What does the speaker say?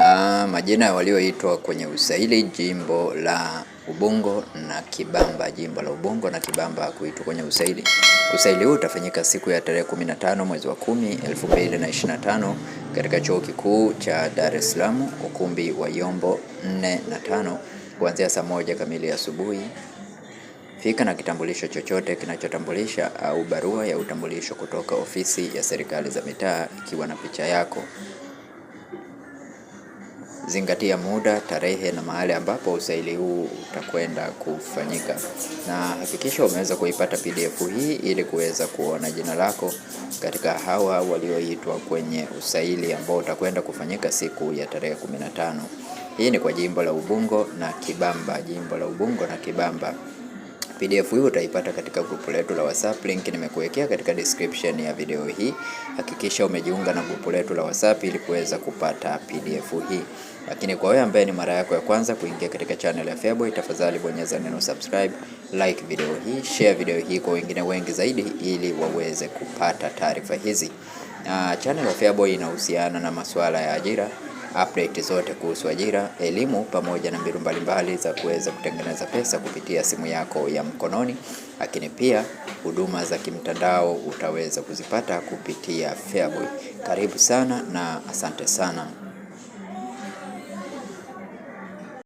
Ah, majina ya walioitwa kwenye usaili jimbo la Ubungo na Kibamba. Jimbo la Ubungo na Kibamba kuitwa kwenye usaili. Usaili huu utafanyika siku ya tarehe 15 mwezi wa 10 2025 katika Chuo Kikuu cha Dar es Salaam, ukumbi wa Yombo 4 na 5 kuanzia saa moja kamili asubuhi. Fika na kitambulisho chochote kinachotambulisha au barua ya utambulisho kutoka ofisi ya serikali za mitaa ikiwa na picha yako. Zingatia muda, tarehe na mahali ambapo usaili huu utakwenda kufanyika, na hakikisha umeweza kuipata PDF hii ili kuweza kuona jina lako katika hawa walioitwa kwenye usaili ambao utakwenda kufanyika siku ya tarehe 15. Hii ni kwa jimbo la Ubungo na Kibamba, jimbo la Ubungo na Kibamba. PDF hii utaipata katika grupu letu la WhatsApp, link nimekuwekea katika description ya video hii. Hakikisha umejiunga na grupu letu la WhatsApp ili kuweza kupata PDF hii. Lakini kwa wewe ambaye ni mara yako ya kwanza kuingia katika channel ya FEABOY, tafadhali bonyeza neno subscribe, like video hii, share video hii kwa wengine wengi zaidi ili waweze kupata taarifa hizi. Na ah, channel ya FEABOY inahusiana na masuala ya ajira update zote kuhusu ajira, elimu pamoja na mbinu mbalimbali za kuweza kutengeneza pesa kupitia simu yako ya mkononi. Lakini pia huduma za kimtandao utaweza kuzipata kupitia Feaboy. Karibu sana na asante sana.